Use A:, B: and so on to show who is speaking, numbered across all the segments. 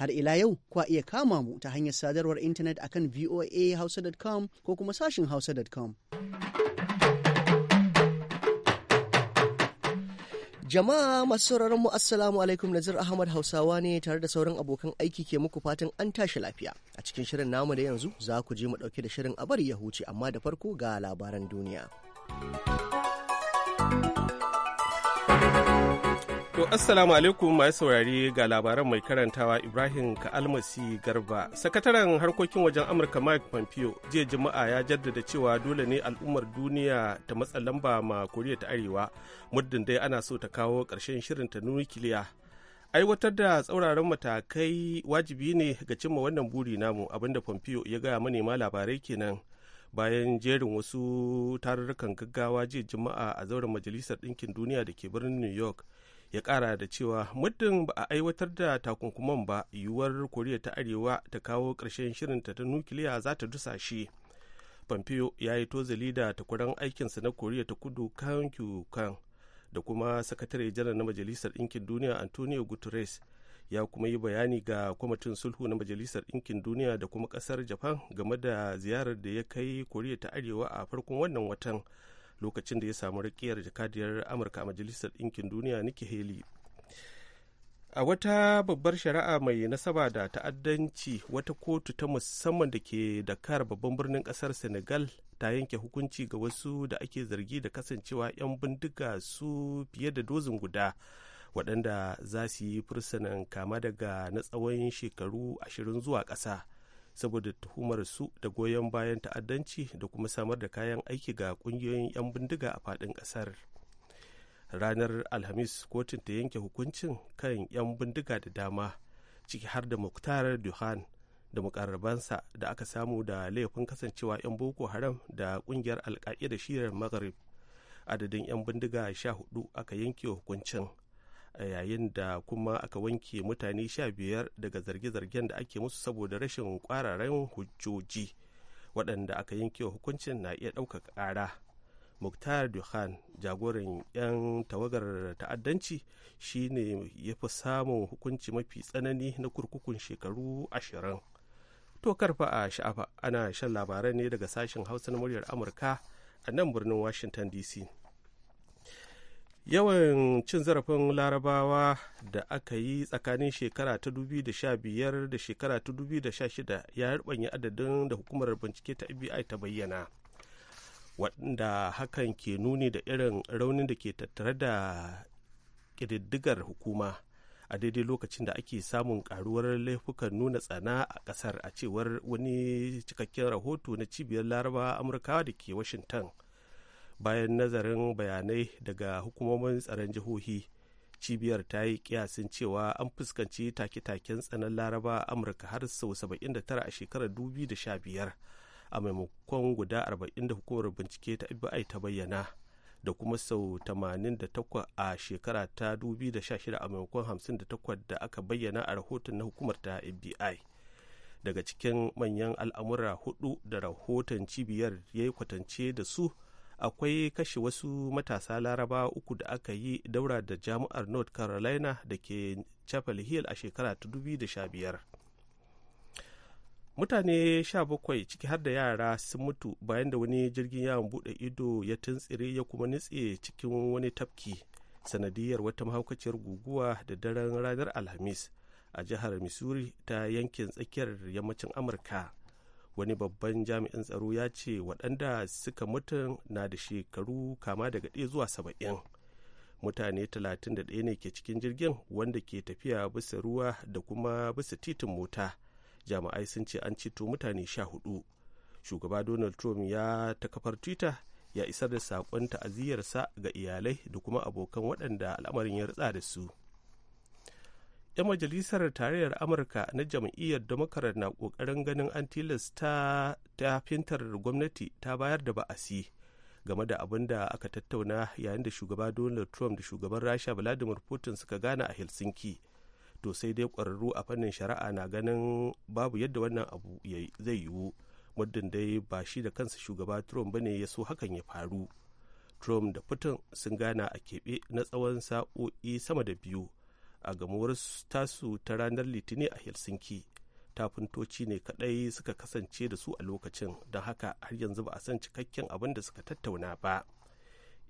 A: Har ila yau kwa iya kama mu ta hanyar sadarwar intanet akan voahausa.com ko kuma sashin hausa.com. Jama'a masu sauraron mu assalamu alaikum Nazir Ahmad Hausawa ne tare da sauran abokan aiki ke muku fatan an tashi lafiya. A cikin shirin namu da yanzu za ku je mu dauke da shirin a bari ya huce amma da farko ga labaran duniya.
B: To assalamu alaikum mai saurari ga labaran mai karantawa Ibrahim Ka'almasi Garba. Sakataren harkokin wajen Amurka Mike Pompeo jiya Juma'a ya jaddada cewa dole ne al'ummar duniya ta matsa lamba ma Koriya ta Arewa muddin dai ana so ta kawo ƙarshen ta nukiliya. Aiwatar da tsauraran matakai wajibi ne ga cimma wannan buri namu abinda Pompeo ya gaya manema labarai kenan. bayan jerin wasu tarurrukan gaggawa jiya juma'a a zauren majalisar ɗinkin duniya da ke birnin new york ya kara da cewa muddin ba a aiwatar da takunkuman ba yiwuwar koriya ta arewa ta kawo ƙarshen shirinta ta nukiliya za ta dusashe pompeo ya yi tozali da takwaran aikinsa na koriya ta kudu kan kyukan da kuma sakatare janar na majalisar ɗinkin duniya antonio guterres ya kuma yi bayani ga kwamitin sulhu na majalisar ɗinkin duniya da kuma ƙasar japan game da ziyarar da ya kai koriya ta arewa a farkon wannan watan lokacin da ya samu rakiyar jakadiyar amurka a majalisar ɗinkin duniya nikki haley a wata babbar shari'a mai nasaba da ta'addanci wata kotu ta musamman da ke dakar babban birnin kasar senegal ta yanke hukunci ga wasu da ake zargi da kasancewa 'yan bindiga su fiye da dozin guda waɗanda za su yi fursunan kama daga na tsawon shekaru ashirin zuwa ƙasa saboda tuhumar su da goyon bayan ta'addanci da kuma samar da kayan aiki ga kungiyoyin 'yan bindiga a faɗin ƙasar ranar alhamis kotun ta yanke hukuncin kan 'yan bindiga da dama ciki har da muktar duhan da mukarrabansa da aka samu da laifin kasancewa 'yan boko haram da kungiyar alka'ida shirar maghrib adadin 'yan bindiga sha hudu aka yanke hukuncin a yayin da kuma aka wanke mutane sha biyar daga zarge-zargen da ake musu saboda rashin kwararren hujjoji waɗanda aka yanke wa hukuncin na iya ɗauka ƙara muktar duhan jagoran 'yan tawagar ta'addanci shine ya fi samun hukunci mafi tsanani na kurkukun shekaru ashirin to karfa a sha'afa ana shan labarai ne daga sashen hausa na muryar amurka a nan birnin washington dc yawan cin zarafin larabawa da aka yi tsakanin shekara ta 2015 da shekara ta 2016 ya rubanya adadin da hukumar bincike ta fbi ta bayyana waɗanda hakan ke nuni da irin raunin da ke tattare da ƙididdigar hukuma a daidai lokacin da ake samun karuwar laifukan nuna tsana a ƙasar a cewar wani cikakken rahoto na cibiyar laraba amurkawa da ke washington bayan nazarin bayanai daga hukumomin tsaron jihohi cibiyar ta yi kiyasin cewa an fuskanci take-taken tsanan laraba amurka har sau 79 a shekarar 2015 a maimakon guda 40 da hukumar bincike ta fbi ta bayyana da kuma sau 88 a shekara ta 2016 a maimakon 58 da aka bayyana a rahoton na hukumar ta fbi daga cikin manyan al'amura hudu da rahoton cibiyar ya yi kwatance da su akwai kashe wasu matasa laraba uku da aka yi daura da jami'ar north carolina da ke chapel hill a shekara ta 2015 mutane 17 ciki har da yara sun mutu bayan da wani jirgin yawon bude ido ya tuntsire ya kuma nitse cikin wani tafki sanadiyar wata mahaukaciyar guguwa da daren ranar alhamis a jihar missouri ta yankin tsakiyar yammacin amurka wani babban jami'in tsaro ya ce waɗanda suka mutu na da shekaru kama daga ɗaya zuwa saba'in mutane 31 ne ke cikin jirgin wanda ke tafiya bisa ruwa da kuma bisa titin mota jami'ai sun ce an ceto mutane 14 shugaba donald trump ya ta kafar twitter ya isar da saƙon ta'aziyarsa ga iyalai da kuma abokan waɗanda al'amarin ya ritsa da su 'yan majalisar tarayyar amurka na jam'iyyar democrat na kokarin ganin an tilasta ta fintar gwamnati ta bayar da ba'asi game da abin da aka tattauna yayin da shugaba donald trump da shugaban rasha vladimir putin suka gana a helsinki to sai dai ƙwararru a fannin shari'a na ganin babu yadda wannan abu zai yiwu muddin dai ba shi da kansa shugaba trump bane ya so hakan ya faru trump da putin sun gana a keɓe na tsawon sa'o'i sama da biyu a gamuwar tasu ta ranar litini a helsinki tafintoci ne kadai suka kasance da su a lokacin don haka har yanzu ba a san cikakken abin da suka tattauna ba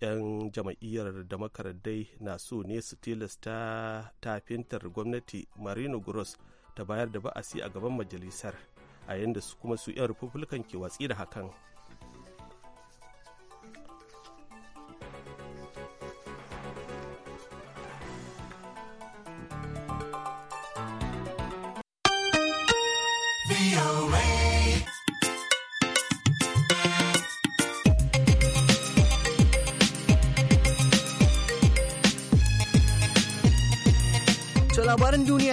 B: 'yan jama'iyyar da makaradai na so ne su tilasta tafintar gwamnati marino gross ta bayar da ba'asi a gaban majalisar a yadda su kuma su 'yan republican ke watsi da hakan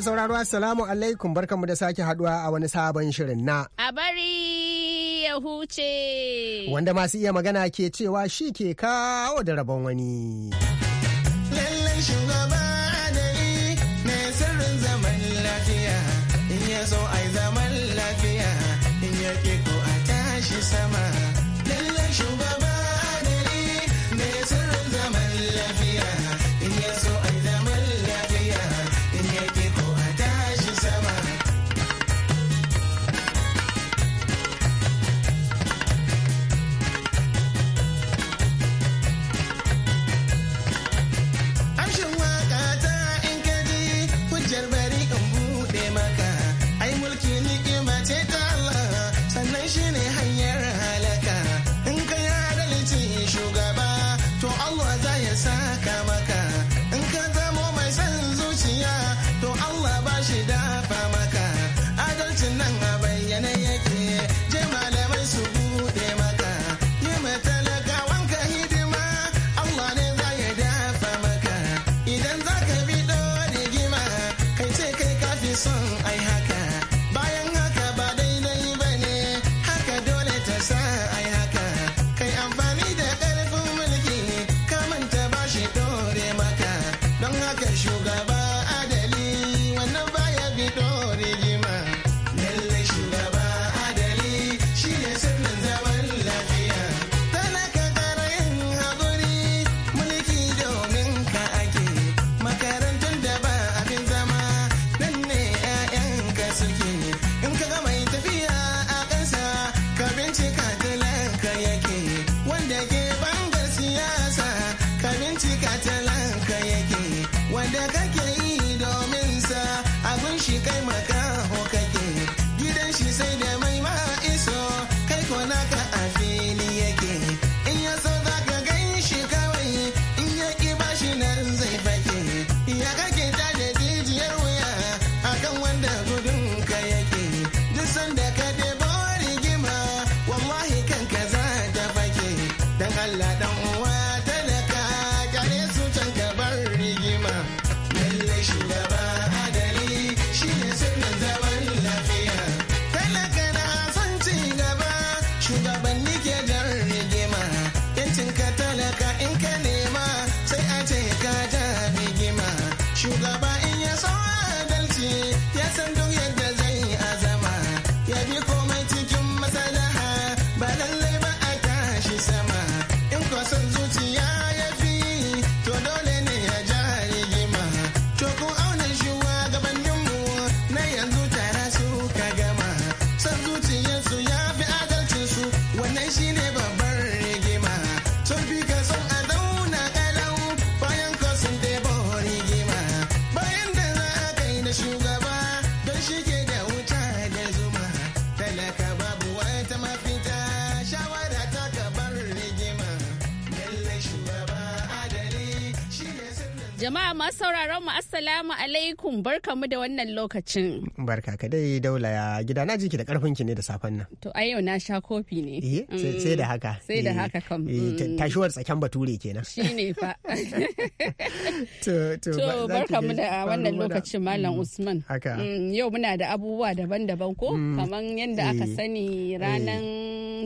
C: Mai sauraro Assalamu alaikum barkanmu da sake haduwa a wani sabon shirin na.
D: A bari ya huce.
C: Wanda masu iya magana ke cewa shi ke kawo da rabon wani.
D: Jama'a masu sauraron mu assalamu alaikum mu da wannan lokacin.
C: Barka ka dai daula ya gida na jiki da karfin ki ne da safen nan.
D: To a yau na sha kofi ne. Eh, sai da haka. Mm, sai da eh, haka kam. Eh, mm. Tashuwar
C: tsaken bature kenan.
D: ne fa.
C: To to mu da wannan lokacin Malam mm,
D: Usman. Haka. Yau muna da abubuwa daban-daban ko kaman yadda aka sani ranan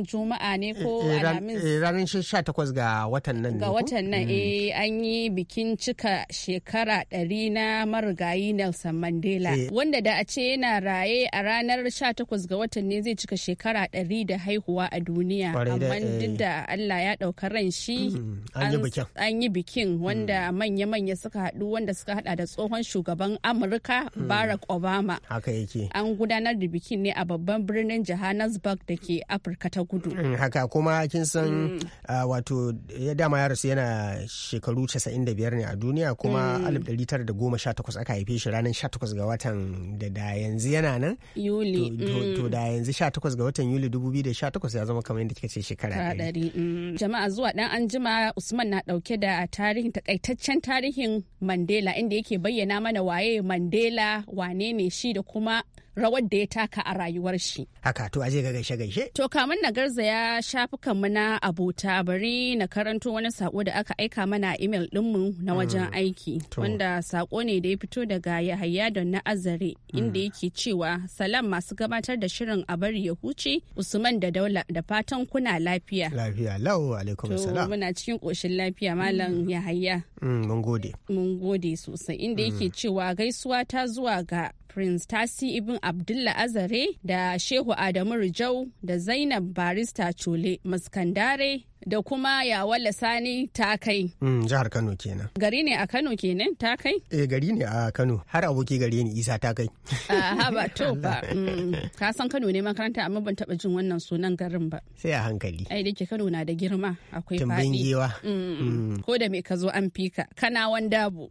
D: Juma'a ne ko Alhamis. Ranar 18
C: ga watan nan. Ga watan
D: nan eh an yi bikin cika shekara ɗari na marigayi Nelson Mandela eh. wanda da a ce yana raye a ranar 18 ga watan ne zai cika shekara ɗari da haihuwa a duniya amma duk eh. da Allah ya ɗauka ran shi mm, an yi bikin mm. wanda manya-manya suka haɗu wanda suka haɗa da tsohon shugaban Amurka mm. Barack Obama
C: an
D: gudanar da bikin ne a babban birnin Johannesburg da ke Afirka ta Kudu
C: haka kuma kin san ah, wato ya dama ya rasu yana shekaru 95 ne a duniya Mm. goma sha 1918 aka haife shi ranar 18 ga watan da da yanzu yana nan
D: yuli to mm. da
C: yanzu 18 ga watan yuli 2018 ya zama kamar yadda kika ce shekara
D: 100 mm. jama'a zuwa dan anjima usman na dauke da tarihin takaitaccen tarihin mandela inda yake bayyana mana waye mandela wane ne shi da kuma rawar da ya taka a rayuwar shi.
C: Haka to aje ga gaishe gaishe.
D: To kamun na garzaya shafukan mu na abota bari na karanto wani sako da aka aika mana email dinmu na mm, wajen aiki wanda sako ne da ya fito daga Yahaya don na Azare inda mm. yake cewa salam masu gabatar da shirin a bari ya huce Usman da Daula da fatan kuna lafiya.
C: Lafiya lau alaikum salam. To
D: muna cikin koshin lafiya malam mm. Yahaya.
C: Mun gode.
D: Mun gode sosai inda yake cewa gaisuwa ta zuwa ga Prince Tasi Ibn Abdullah Azare da Shehu Adamu Rijau da Zainab Barista Chole Maskandare da kuma yawala sani ta kai.
C: Mm, jihar Kano kenan.
D: Gari ne a Kano kenan ta kai?
C: Eh gari ne a Kano har aboki gari ne Isa ta kai.
D: Aha ah, ba to ba. Mm. Ka san Kano ne makaranta amma ban taba jin wannan sunan garin ba. Sai a hankali. Ai dake Kano na da girma akwai fadi. Tumbin giwa. Mm. Ko da me ka zo an fika kana wanda bu.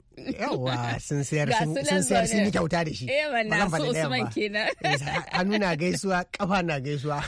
C: Yawwa sun sayar sun sayar sun yi kyauta da shi. Eh wannan su Usman kenan.
D: Hannu nuna gaisuwa
C: kafa na gaisuwa.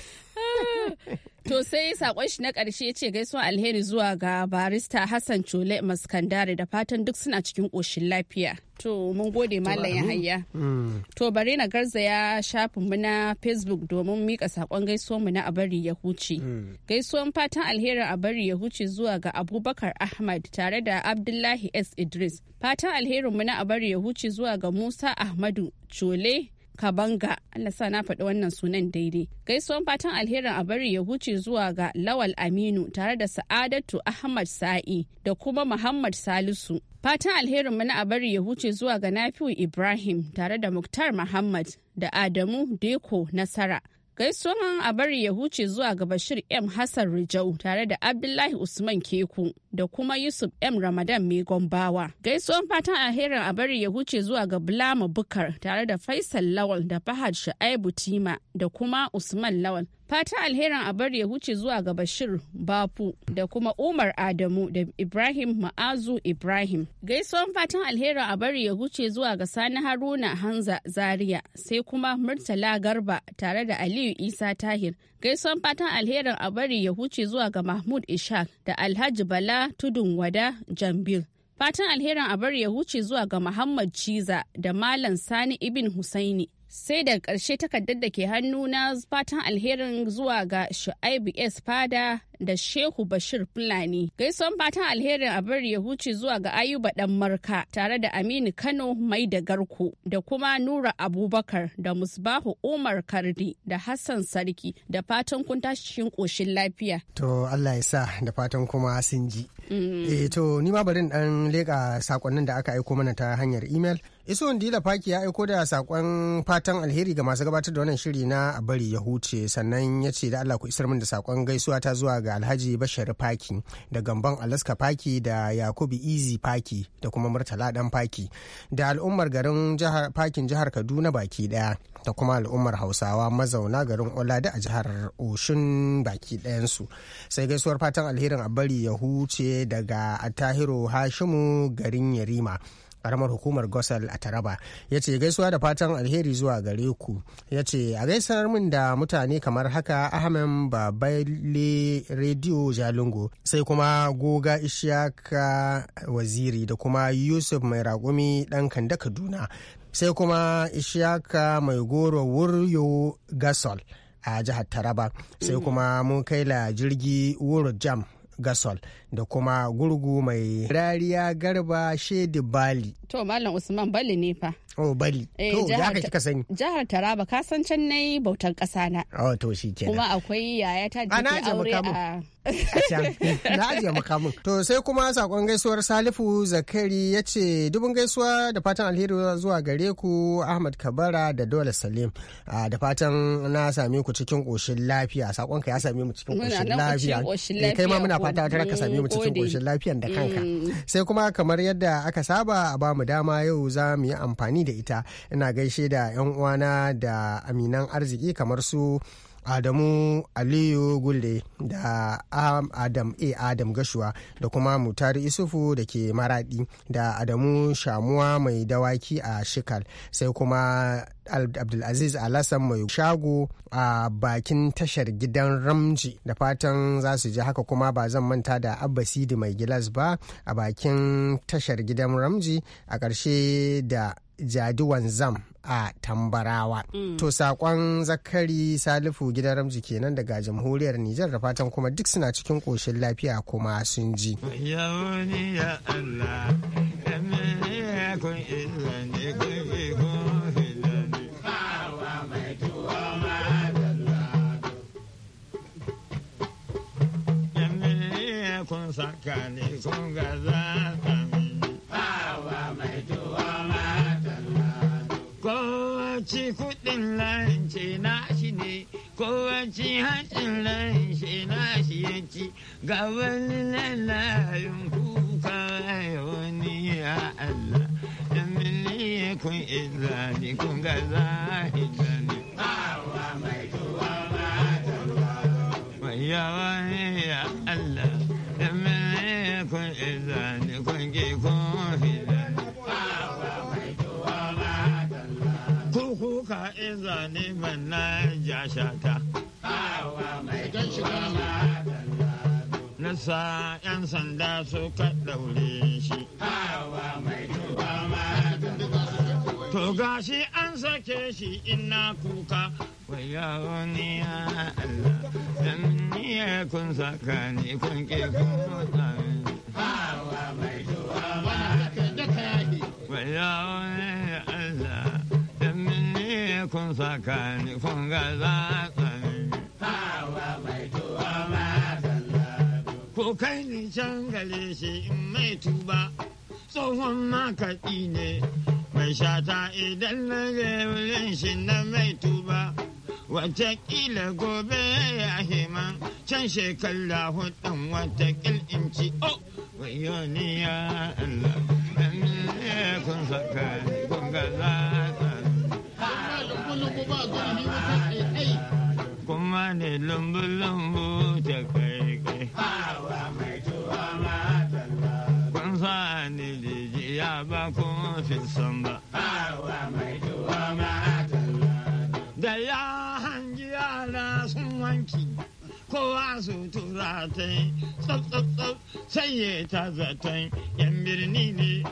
D: To sai sakon shi na ƙarshe ce gaisuwa alheri zuwa ga barista Hassan Chole Maskandare da fatan duk suna cikin koshin lafiya. To mun gode malam Yahaya. Hmm. To bari na garzaya shafin mu na Facebook domin mika sakon gaisuwar mu na Abari ya huce. Hmm. Gaisuwan fatan alherin Abari ya huce zuwa ga Abubakar Ahmad tare da Abdullahi S Idris. Fatan alherin mu na Abari ya huce zuwa ga Musa Ahmadu Chole Kabanga, Allah sa na faɗi wannan sunan daidai. Gaisuwan fatan alherin a bari ya huce zuwa ga Lawal Aminu tare da Sa'adatu Ahmad Sa'i da kuma Muhammad Salisu. Fatan alherin na a bari ya huce zuwa ga Nafiu Ibrahim tare da Muktar Muhammad da Adamu Deko Nasara. Gaisuwan a bari ya huce zuwa ga Bashir M. Hassan Rijau tare da Abdullahi Usman Keku da kuma Yusuf M. Ramadan mai gombawa. Gaisuwan fatan alherin a bari ya huce zuwa ga Bulama Bukar tare da Faisal Lawal da Fahad Shu'aibu Tima da kuma Usman Lawal Fatan alherin bari ya huce zuwa ga Bashir Bafu da kuma Umar Adamu da Ibrahim Ma'azu Ibrahim. Gaisuwan fatan alherin bari ya huce zuwa ga Sani Haruna Hanza Zaria sai kuma Murtala Garba tare da Aliyu Isa Tahir. Gaisuwan fatan alherin bari ya huce zuwa ga Mahmud Ishaq da Alhaji Bala Tudun Wada Jambil. Fatan alherin bari ya huce zuwa ga Muhammad Ciza da Malam Sani Ibin Husaini sai da ƙarshe takardar da ke hannu na fatan alherin zuwa ga shu'aibu s fada da Shehu Bashir Fulani. Gaison fatan alherin a bari ya huce zuwa ga Ayuba Dan Marka tare da Aminu Kano Mai da Garko da kuma Nura Abubakar da Musbahu Umar Kardi da Hassan Sarki da fatan kun tashi cikin koshin lafiya.
C: To Allah ya sa da fatan kuma sun ji. Mm. Eh to ni ma bari dan leka sakonnin da aka aiko mana ta hanyar email. Isu Dila Faki ya aiko da sakon fatan alheri ga masu gabatar da wannan shiri na a bari ya huce sannan ya ce da Allah ku isar min da sakon gaisuwa ta zuwa ga alhaji bashir faki da gamban alaska Paki da yakubu izi faki da kuma murtala dan faki da al'ummar garin fakin jihar kaduna baki daya da kuma al'ummar hausawa mazauna garin oladi a jihar oshun baki dayansu sai gaisuwar fatan alherin abari ya huce daga atahiro hashimu garin yarima karamar hukumar gosal a taraba ya ce gaisuwa da fatan alheri zuwa gare ku ya ce a gaisar min da mutane kamar haka ahmed babaile rediyo jalingo sai kuma goga ishiyaka waziri da kuma yusuf mai raƙumi ɗan kanda kaduna sai kuma ishiyaka mai goro wuryo gasol a jihar taraba sai kuma mun kai la jirgi wuro jam gasol da kuma gurgu mai rariya garba shedi bali
D: to malam usman bali ne fa
C: Oh bali. Eh, to da ka kika sani.
D: Jihar Taraba ka san can yi bautan ƙasa na.
C: Oh to shi kenan. Kuma
D: akwai yaya ta take aure a
C: na ajiye makamun. To sai kuma sakon gaisuwar Salifu Zakari ya ce dubin gaisuwa da fatan alheri zuwa gare ku Ahmad Kabara da Dole Salim. Da fatan na sami ku cikin ƙoshin lafiya. Saƙon ka ya sami mu cikin ƙoshin lafiya. Eh, kai ma muna fata ta ka sami mu cikin ƙoshin lafiyan da kanka. Mm. Sai kuma kamar yadda aka saba a bamu dama yau za mu yi amfani da ita ina gaishe da 'yan uwana da aminan arziki kamar su Adamu Aliyu Gulle da Adam A. Adam Gashuwa da kuma Mutari Isufu da ke Maradi da Adamu Shamuwa mai dawaki a Shikal sai kuma Abdulaziz alasan mai shago a bakin tashar gidan Ramji da fatan za su ji haka kuma ba zan manta da abbasidi mai gilas ba a bakin tashar gidan Ramji a ƙarshe da jadiwan zam a tambarawa mm. to sakon zakari salifu gidan ramji kenan daga jamhuriyar nijar da fatan kuma duk suna cikin koshin lafiya kuma sun ji kun
E: kun gaza kowace hancin lanshe na shi ya ci gaban lalayin kuka ya wani ya Allah da mini kun izani kun ga zahidan. shata nasa 'yan sanda suka daure shi to gashi an sake shi ina kuka wayo ni Allah dan ni kun saka ni kun ke kun mutane hawa mai duwa ma ka ni kai wayo kun saka ni kun ga za tsani. Hawa mai tuwa ma Ko kai ni can gale shi in mai tuba, tsohon makaɗi ne. Mai shata idan na je wurin shi na mai tuba, ƙila gobe ya himan can shekara hudun watakil in ci o. Wayoniya Allah, kun saka ni kun ga za ne lumbu-lumbu da kai-kai. Hawa mai tuwa
F: matalla.
E: Kun sa ne jijiya ba kun fi san ba. Hawa mai tuwa matalla. Da ya hanji yara sun wanki. Kowa su tura ta yi, tsaf sai ya ta zaton yan birni ne.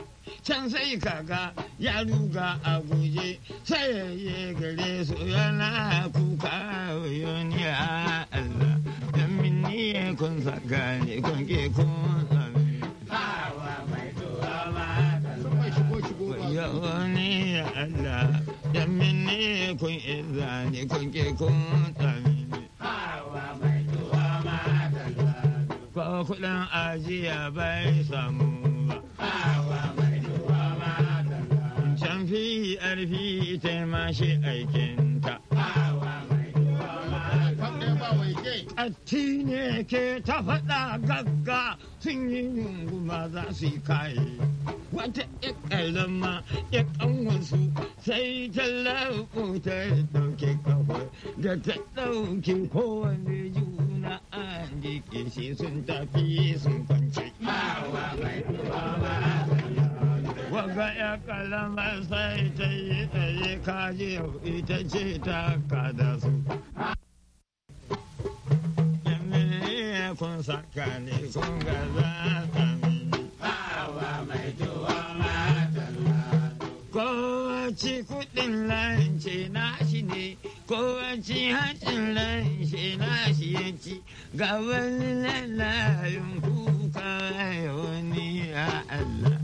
E: can sai kaga ya ruga a guje sai ya gare su yana kuka yoni a Allah don minni kun saka ne kun ke kun sami. Bawa mai tuwa ma ta Yoni ya Allah don minni kun iza ne kun ke kun sami. Bawa mai tuwa ma ta Ko kuɗin ajiya bai samu ba. arfi arfi ta mashi aikinta. Atti ne ke ta faɗa gagga sun yi yunguma za su yi kaye. Wata ƙalama ya ƙanwansu sai ta laɓo ta ɗauke kawai da ta ɗauki kowane juna a shi sun tafi sun kwance. Ba wa mai ba waga ya kalama sai ta yi tsaye kaji ita ce ta kada su kun saka ne kun gaza ta mini bawa mai tuwa matan lado kowace kudin lance na shi ne kowace hancin lance na shi ya ci ga wani lalayin kuka wani ya Allah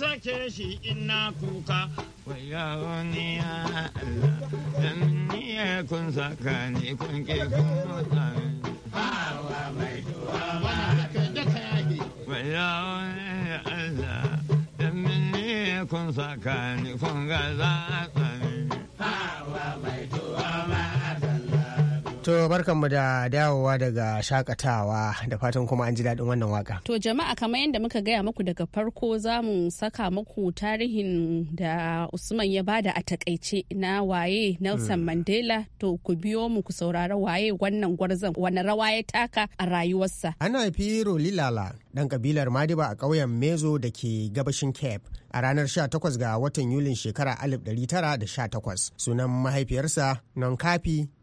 E: zake shi ina kuka Waya wani ya Allah dan ni ya kun saka ni kun ke kun mota wa mai duwa ba ka da kai waya ni ya Allah dan ni ya kun saka ni kun ga za
C: To mu da dawowa daga shakatawa da fatan kuma an ji daɗin wannan waka.
D: To jama'a kamar yadda muka gaya muku daga farko za mu saka muku tarihin da Usman ya bada a takaice na waye Nelson hmm. Mandela to ku biyo mu ku saurara waye wannan gwarzon wani rawa ya taka a rayuwarsa.
C: Ana fi Rolilala ɗan kabilar madiba a ƙauyen mezo da ke gabashin cape a ranar 18 ga watan yulin shekara 1918 sunan mahaifiyarsa na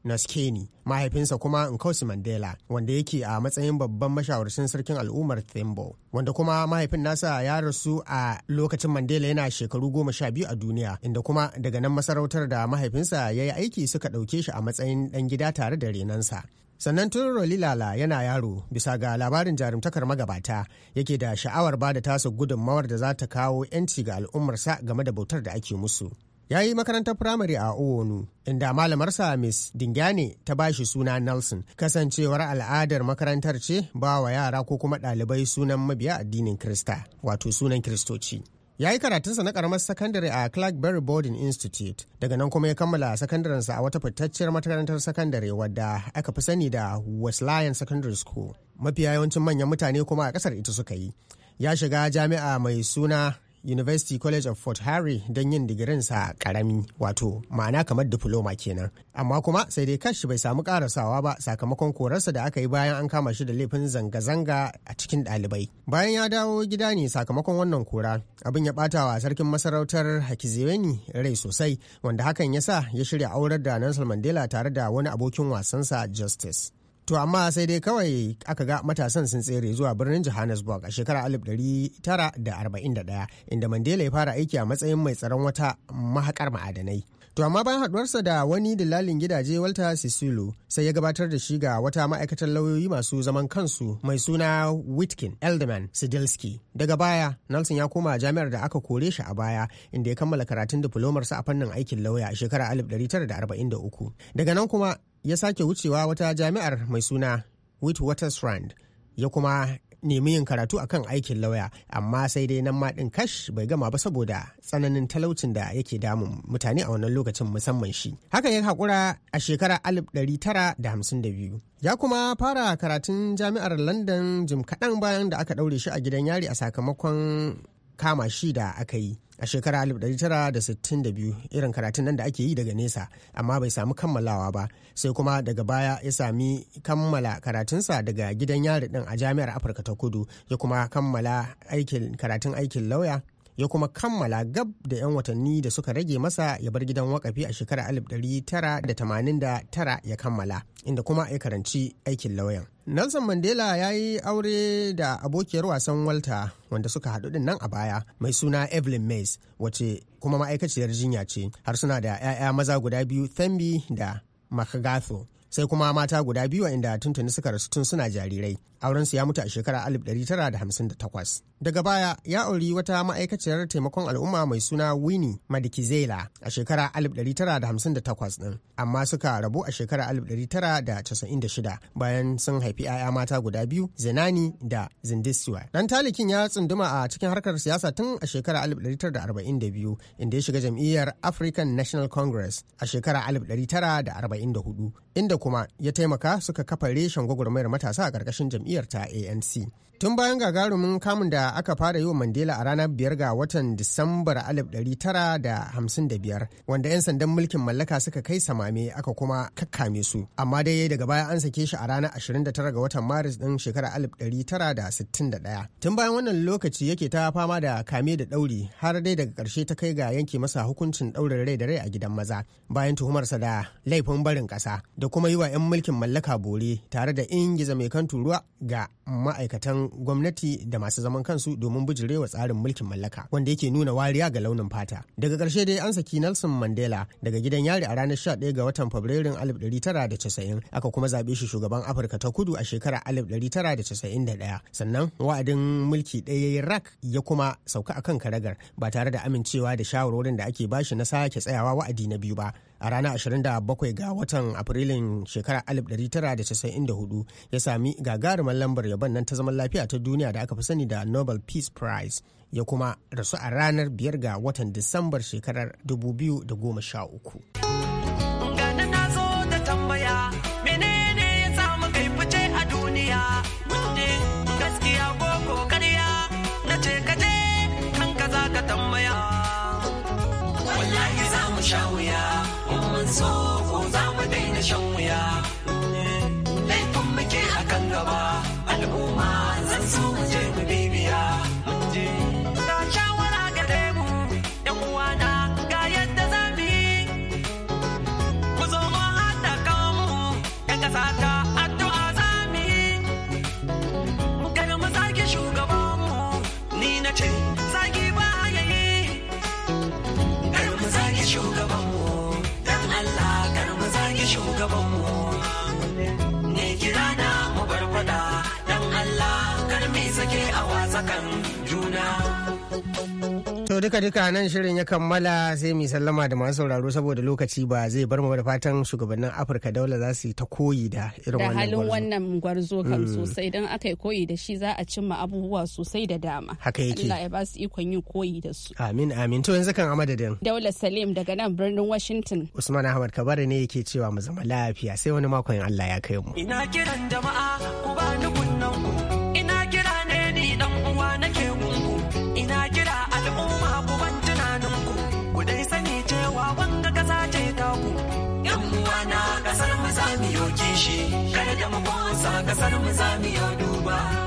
C: naskeni mahaifinsa kuma nkosi mandela wanda yake a matsayin babban mashawarcin sarkin al'ummar thimbo wanda kuma mahaifin nasa ya rasu a lokacin mandela yana shekaru goma sha biyu a duniya inda kuma daga nan masarautar da mahaifinsa ya yi aiki suka ɗauke shi a matsayin ɗan gida tare da renansa sannan tun rolilala yana yaro bisa ga labarin jarumtakar magabata yake da sha'awar ba da tasa gudunmawar da za ta kawo 'yanci ga al'ummarsa game da bautar da ake musu ya yi makarantar firamare a owonu inda malamarsa miss dingyane ta ba shi suna nelson kasancewar al'adar makarantar ce ba wa yara ko kuma ɗalibai sunan mabiya addinin kirista, wato sunan kiristoci ya yi karatunsa na karamar sakandare a clarkberry boarding institute daga nan kuma ya kammala sakandarensa a wata fitacciyar makarantar sakandare wadda aka fi sani da wesleyan secondary school mafiya yawancin manyan mutane kuma a kasar ita suka yi ya shiga jami'a mai suna University College of Fort Harry don yin digirinsa karami wato ma'ana kamar diploma kenan. Amma kuma sai dai kashi bai samu karasawa ba sakamakon korarsa da aka yi bayan an kama shi da laifin zanga-zanga a cikin ɗalibai. Bayan ya dawo gida ne sakamakon wannan kora abin ya ɓata wa sarkin masarautar Hakizeweni rai sosai wanda hakan ya sa ya shirya aurar da Nelson Mandela tare da wani abokin wasansa Justice. To amma sai dai kawai aka ga matasan sun tsere zuwa birnin Johannesburg a shekarar 1941 inda Mandela ya fara aiki a matsayin mai tsaron wata mahakar ma'adanai. To amma bayan haduwarsa da wani dillalin gidaje Walter Sisulu sai ya gabatar da shi ga wata ma'aikatar lauyoyi masu zaman kansu mai suna Witkin Elderman Sidilski. Daga baya Nelson ya koma jami'ar da aka kore shi a baya inda ya kammala karatun diplomarsa a fannin aikin lauya a shekarar 1943. Daga nan kuma ya sake wucewa wata jami'ar mai suna Witwatersrand ya kuma nemi yin karatu akan aikin lauya amma sai dai nan ma kash bai gama ba saboda tsananin talaucin da yake damun mutane a wannan lokacin musamman shi haka ya haƙura a shekarar 1952 ya kuma fara karatun jami'ar london jim kaɗan bayan da aka ɗaure shi a gidan yari a sakamakon kama shi da aka yi a shekara 1962 irin karatun nan da ake yi daga nesa amma bai samu kammalawa ba sai kuma daga baya ya sami kammala karatunsa daga gidan yari din a jami'ar afirka ta kudu ya kuma kammala karatun aikin lauya ya kuma kammala gab da 'yan watanni da suka rage masa ya bar gidan wakafi a shekarar 1989 ya kammala inda kuma ya karanci aikin lauyan. Nelson Mandela ya yi aure da abokiyar wasan walta wanda suka haɗu din nan a baya mai suna Evelyn Mays wace kuma ma'aikaciyar jinya ce har suna da 'ya'ya maza guda biyu Thembi da Makagatho sai kuma mata guda biyu inda tuntuni suka rasu tun suna jarirai Auren su ya mutu a shekara 1958 daga baya ya auri wata ma'aikaciyar taimakon al'umma mai suna winnie madikizela a shekara 1958 din amma suka rabu a shekara 1996 bayan sun haifi 'ya'ya mata guda biyu zinani da zindisiwa dan talikin ya tsunduma a cikin harkar siyasa tun a shekara 1942 inda ya shiga jam'iyyar african national congress a shekara 1944 inda kuma ya taimaka suka kafa reshen gwagwarmayar matasa a ƙarƙashin jam'iyyar jam'iyyar ta anc tun bayan gagarumin kamun da aka fara yi wa mandela a ranar biyar ga watan disambar 1955 wanda 'yan sandan mulkin mallaka suka kai samame aka kuma kakkame su amma dai daga baya an sake shi a ranar 29 ga watan maris din shekarar 1961 tun bayan wannan lokaci yake ta fama da kame da ɗauri har dai daga ƙarshe ta kai ga yanke masa hukuncin ɗaurin rai da rai a gidan maza bayan tuhumarsa da laifin barin ƙasa da kuma yi wa 'yan mulkin mallaka bore tare da ingiza mai kan turuwa ga ma'aikatan gwamnati da masu zaman kansu domin bijirewa tsarin mulkin mallaka wanda yake nuna wariya ga launin fata daga ƙarshe dai an saki nelson mandela daga gidan yari a ranar 11 ga watan fabrairun 1990 aka kuma zaɓe shi shugaban afirka ta kudu a shekarar 1991 sannan wa'adin mulki ɗaya rak ya kuma sauka akan karagar ba tare da amincewa da shawarorin da ake bashi na sake tsayawa wa'adi na biyu ba a ranar 27 ga watan afrilun shekarar 1994 ya sami gagarumar lambar yabon nan ta zaman lafiya ta duniya da aka fi sani da nobel peace prize ya kuma rasu a ranar 5 ga watan disambar shekarar 2013 duka-duka nan shirin ya kammala sai mu sallama da masu sauraro saboda lokaci ba zai bar mu da fatan shugabannin Afirka daula za su yi ta koyi da irin wannan halin
D: wannan gwarzo kan mm. sosai don aka yi koyi da shi za a cimma abubuwa sosai da dama. Haka yake. Allah ya ba su ikon yin koyi da su.
C: Amin amin to yanzu kan amadadin.
D: Daula Salim daga nan birnin Washington.
C: Usman Ahmad Kabari ne yake cewa mu zama lafiya sai wani makon Allah ya kai mu.
D: Ina kiran jama'a ku ba ni
F: sa kasar mu zamu mu duba.